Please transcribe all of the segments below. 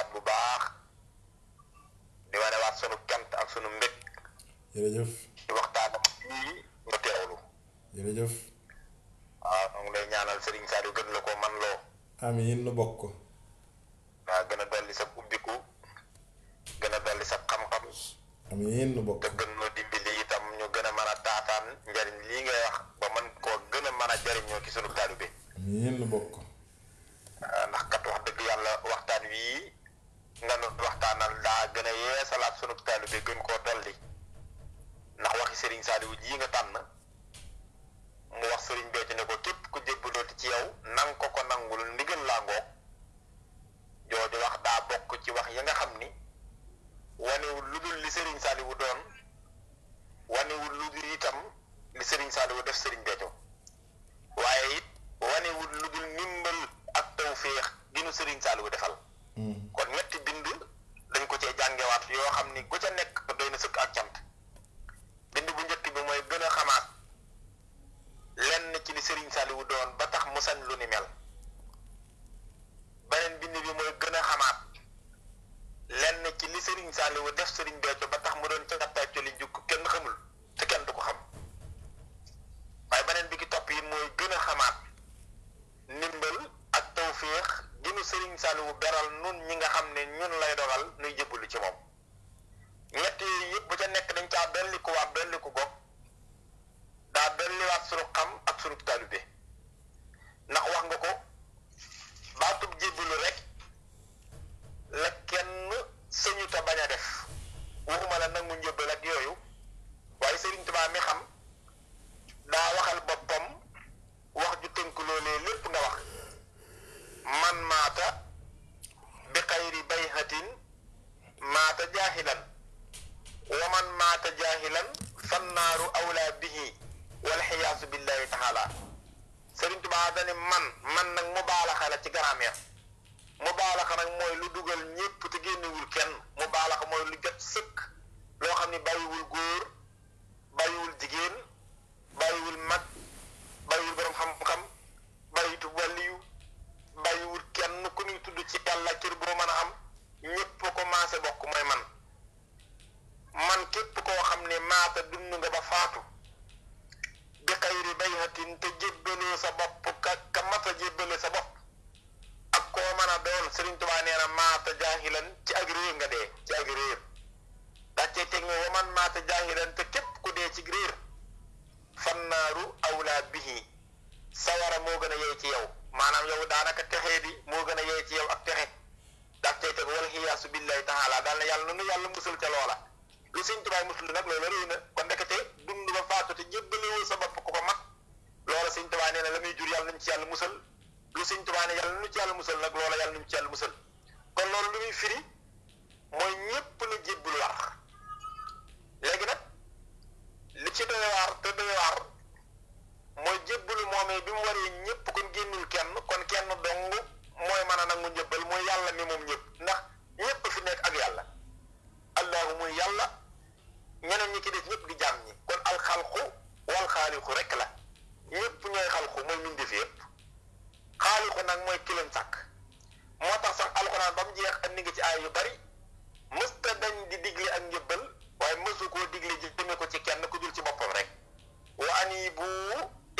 waat bu baax di wane waat sunu cant ak sunu mbég. jërëjëf di waxtaan ak fii nga teewlu. jërëjëf. waaw maa ngi lay ñaanal Serigne Saliou gën la ko man loo. amiin nu bokk ko. waaw gën a dolli sa ubbiku gën a dolli sa xam-xam. amiin nu bokk ko te gën noo dimbali itam ñu gën a mën a taataan njariñ lii ngay wax ba man koo gën a mën a jariñoo ci sunu taalibe. amiin nu bokk ndax kat wax dëgg yàlla waxtaan wii nga nu waxtaanal daa gën a yeesalaat sunu taalibe gën koo dolli ndax waxi sëriñ saaliwu ji nga tànn mu wax sëriñ becc ne ko képp ku jébbalooti ci yow nang ko ko nangul ndigal laa ngoog jooju wax daa bokk ci wax ya nga xam ni wanewul lu dul li sëriñ saaliwu doon wanewul lu dul itam li sëriñ saaliwu def sëriñ becc waaye it wanewul lu dul ak gi nu sëriñ defal kon ñetti bind dañ ko cee jàngewaat yoo xam ni ku ca nekk doy na sëkk ak cant bind bu njëkk bi mooy gën a xamaat lenn ci li Serigne Saliou doon ba tax mu sañ lu ni mel beneen bind bi mooy gën a xamaat lenn ci li Serigne Saliou def sëriñ Béthio ba tax mu doon ca gàttaay li jukk kenn xamul te kenn du ko xam Saliou beral nun ñi nga xam ne ñun lay dogal nuy jëbbalu ci moom ñett yi yëpp bu ca nekk dañ caa belliku waa belliku goog daa belliwaat sunu xam ak sunu talibé ndax wax nga ko jébbalu rek la kenn sañu ta bañ a def waxuma la nangu njëbbal ak yooyu waaye Serigne Touba mi xam shahidan te képp ku dee ci réer fannaaru awlaa bihi sawara moo gën a yey ci yow maanaam yow daanaka texee bi moo gën a yey ci yow ak texe daf cay teg wal xiyaasu billahi taala daal na yàlla nanu yàlla musul ca loola lu sëñ tubaay musul nag loola réy na kon ndekete dund ba faatu te jébbalewoo sa bopp ko mat loola sëñ tubaay nee na la muy yàlla nañ ci yàlla musal lu sëñ tubaay ne yàlla nañu ci yàlla musal nag loola yàlla nañu ci yàlla musal kon loolu lu muy firi mooy ñépp na jébbalu wax léegi nag li ci doy te doy waar mooy jébbalu moomee bi mu waree ñëpp kon génnul kenn kon kenn dong mooy mën a nangu njëbbal mooy yàlla mi moom ñëpp ndax ñëpp fi nekk ak yàlla allahu muy yàlla ñeneen ñi ci des ñëpp di jaam ñi kon alxalqu wal xaaliqu rek la ñëpp ñooy xalqu mooy min def yëpp xaaliqu nag mooy ki leen sàkk moo tax sax alxuraan ba mu jeex andi nga ci aay yu bari mësta di digli ak njëbbal waaye mësu koo digle ji jëme ko ci kenn ku dul ci boppam rek wa anibu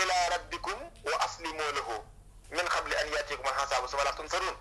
ila rabbikum wa aslimu lahu min qabli an yaatikum al azaabu summa laa tunsaruun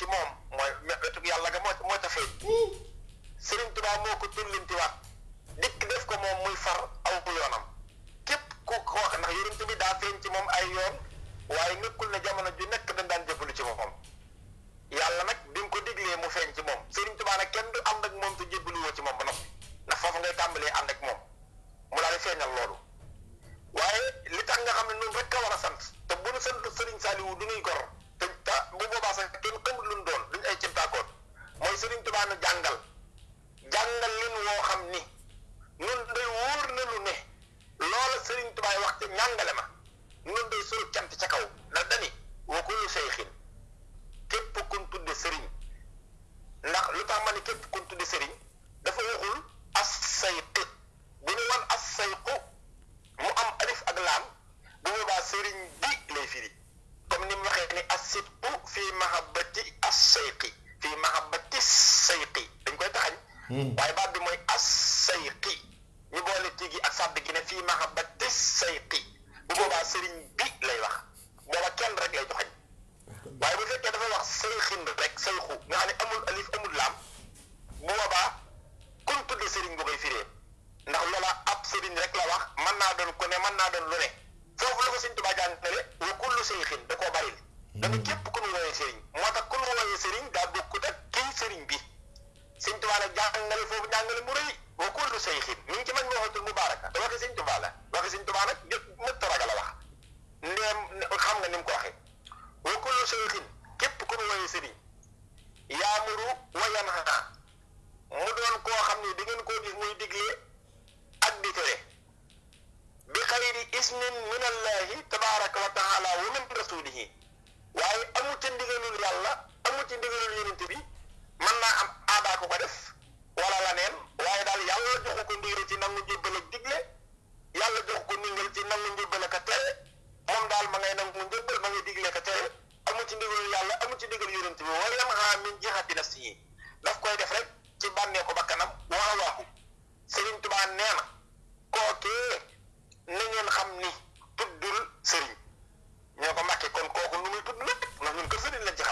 ti xamul lu mu doon duñ ay cëntaakoon mooy Serigne Touba na jàngal jàngal leen woo xam ni nun day wóor na lu ne loola Serigne Touba wax ca ñàngale ma nun day suru cant ci kaw la dani wa kullu seyxin képp kun tudde Serigne ndax lu tax ma ne képp kun tudde Serigne dafa waxul as sayq bu ñu wan as sayqu mu am alif ak laam bu boobaa Serigne bi lay firi. comme ni mu waxee ni asibtu fii mahabbati assayqi fii mahabbati sayqi dañ koy taxañ hmm. waaye baat bi mooy assayqi ñu boole tigi ak sàdd gi ne fii mahabbati sayqi bu boobaa sëriñ bi lay wax booba kenn rek lay joxañ waaye bu fekkee dafa wax sayxin rek sayxu nga xam ne amul alif amul laam bu boobaa kun tudd sëriñ bu koy firee ndax loola ab sëriñ rek la wax mën naa doon ko ne mën naa doon lu ne foofu la ko sëñ Tuubaa jàngale wa kullu seyxin da koo baril hmm. dana képp ku ñu wooyee sëriñ moo tax ku ñu wooyee sëriñ daa bokkut ak kii sëriñ bi sëñ Tuubaa nag jàngale foofu jàngale mu rëy wa kullu seyxin mi ngi ci man waxatul mubaaraka da waxe sëñ Tuubaa la waxe sëñ Tuubaa nag xam nga ni mu ko waxee wa kullu seyxin képp ku ñu wooyee sëriñ yaamuru wa yanha mu doon koo xam ne da ngeen koo gis muy digle ak di tere bi xayri ismin min allahi tabaraka wa taala wa min rasulihi waaye amu ca ndigalul yàlla amu ci ndigalul yonente bi man naa am aadaa ko ko def wala la neen waaye daal yàlla joxu ko ndigal ci nangu njëbbal ak digle yàlla joxu ko ndigal ci nangu njëbbal ak a tere moom daal ma ngay nangu njëbbal ma ngay digle ka tere amu ci ndigalul yàlla amu ci ndigal yonente bi wala yam xaa min jihati nafsihi daf koy def rek ci bànnee ko bakkanam waa waaxu Sëriñ Tuubaa nee na na ngeen xam ni tuddul sëriñ ñoo ko màkkee kon kooku nu muy tudd nag ndax ñun kër sëriñ lañ ci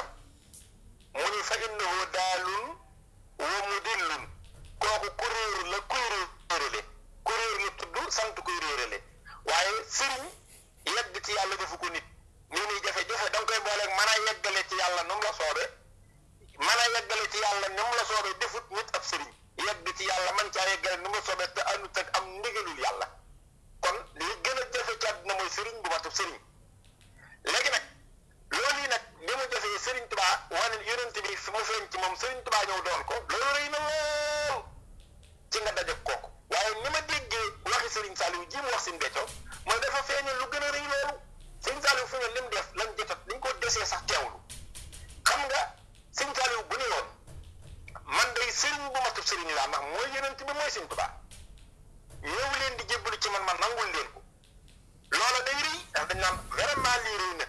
su ma feeñ ci moom Serigne Touba ñëw doon ko loolu rëy na lool ci nga daje kooku waaye ni ma déggee waxi Serigne Saliou ji mu wax si Mbethio mooy dafa feeñal lu gën a rëy loolu Serigne Saliou fu ne lim def lan jotat liñ ko desee sax teewlu xam nga Serigne Saliou bu ne woon man day Serigne bu matub Serigne laa ndax mooy yonent bi mooy Serigne Touba ñëw leen di jébbalu ci man man nangul leen ko loola day rëy ndax dañ naan vraiment lii rëy na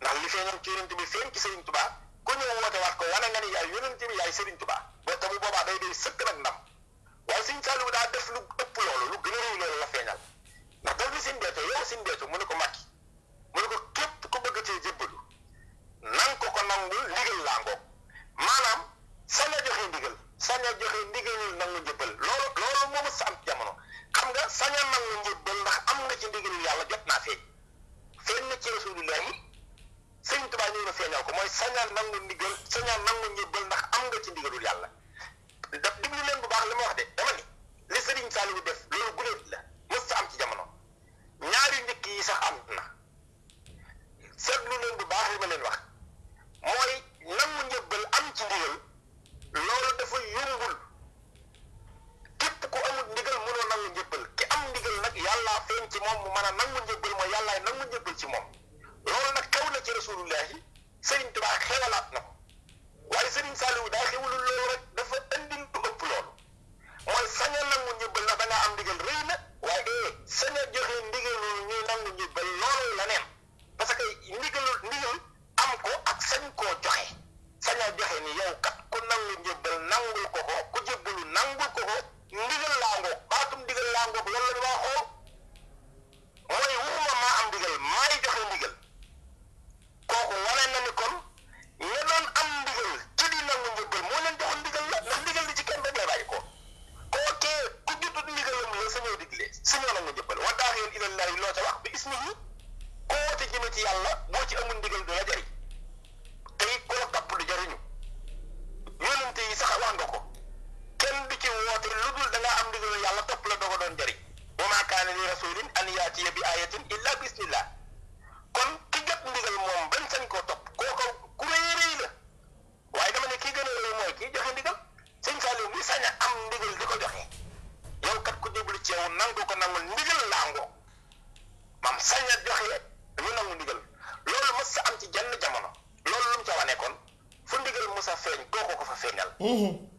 ndax li feeñam ci yonent bi feeñ ci Serigne Touba. ñëw woote waat ko wane nga ni yaay yonent bi yaay Serigne Touba boo te bu boobaa day day sëkk nag ndam waaye Serigne Saliou daa def lu ëpp loolu lu gën a rëy loolu la feeñal ndax daf ni Serigne Béthio yow Serigne Béthio mu ne ko Macky mu ne ko képp ku bëgg cee jébbalu nan ko ko nangul ndigal laa ngoog maanaam sañ a joxe ndigal sañ a joxe ndigalul nangu njëbbal loolu loolu moo mës am jamono xam nga sañ a nangu njëbbal ndax am nga ci ndigalul yàlla jot naa feeñ feeñ na ci rasulullahi sëñ Tuubaa ñëw na feeñal ko mooy sañal nangu ndigal sañal nangu njëbbal ndax am nga ci ndigalul yàlla daf diglu leen bu baax li ma wax de dama ni li sëriñ Saliou def loolu guléet la mës sa am ci jamono ñaari njëkk yi sax am na seetlu leen bu baax li ma leen wax mooy nangu njëbbal am ci ndigal loolu dafa yombul képp ku amul ndigal mënoo nangu njëbbal ki am ndigal nag yàllaa feeñ ci moom mu mën a nangu njëbbal mooy yàllaay nangu njëbbal ci moom loolu nag kaw la ci rasulullahi sëriñ Mm-hmm.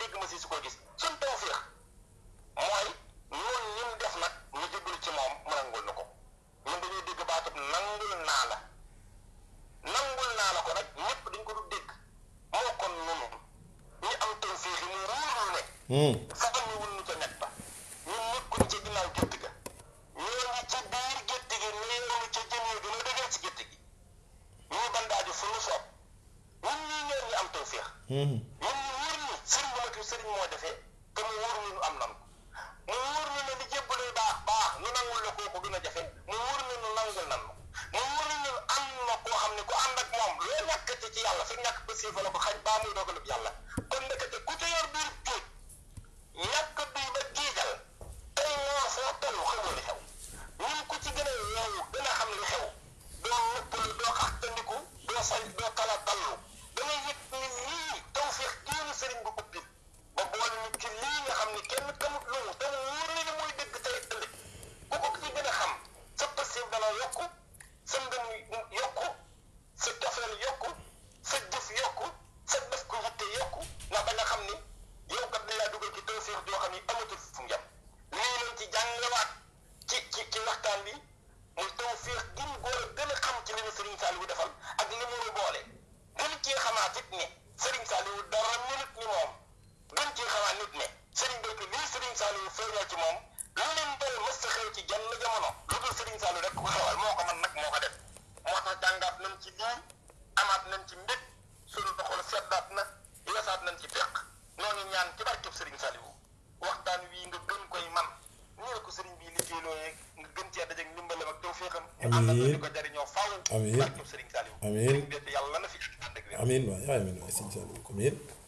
dégg ma si su ko gis suñ tawféex mooy noonu ñi mu def nag mu jëggul ci moom mu nangul na ko ñun dañuy dégg baatub nangul naa la nangul naa la ko nag ñëpp dañ ko du dégg moo kon noonu ñu am tawféex yi mu ne hmm. fu sëriñ moo defee te mu wóor ñu am nan mu wóor ñu ne li jébbalee baax baax ñu nangul la kooku dina jafe mu wóor ñu ne nangul nan mu wóor ñu am na koo xam ne ku ànd ak moom loo ñàkkati ci yàlla fi ñàkk ba siifa la ko xañ baa muy dogalub yàlla kon ndekete ku ci yor biir tuuj ñàkk duy ba jiigal tey moo foo tollu xamoo li xew ñun ku ci gën a yeewu gën a xam li xew doo nëppalu doo xaxtandiku doo say doo tala dallu dangay yëg ni lii tawfeex diiru sëriñ bu ubbi feeñal ci moom lu ni mbel mës a xew ci jenn jamono lu dul Sëriñ Saliou rek ku ko xewal moo ko man nag moo ko def moo tax jàngaat nañ ci lii amaat nañ ci mbég suñu doxal seddaat na yeesaat nañ ci fekk noonu ñaan ci barkeb Sëriñ Saliou waxtaan wi nga gën koy man nii la ko sëriñ bii liggéey looyee nga gën cee dajeeg ndimbalam ak tawféexam ñu àndal ñu ko jariñoo faaw barkeb Sëriñ Saliou amiin yàlla na fi ànd ak amiin waay amiin waay sëriñ Saliou amiin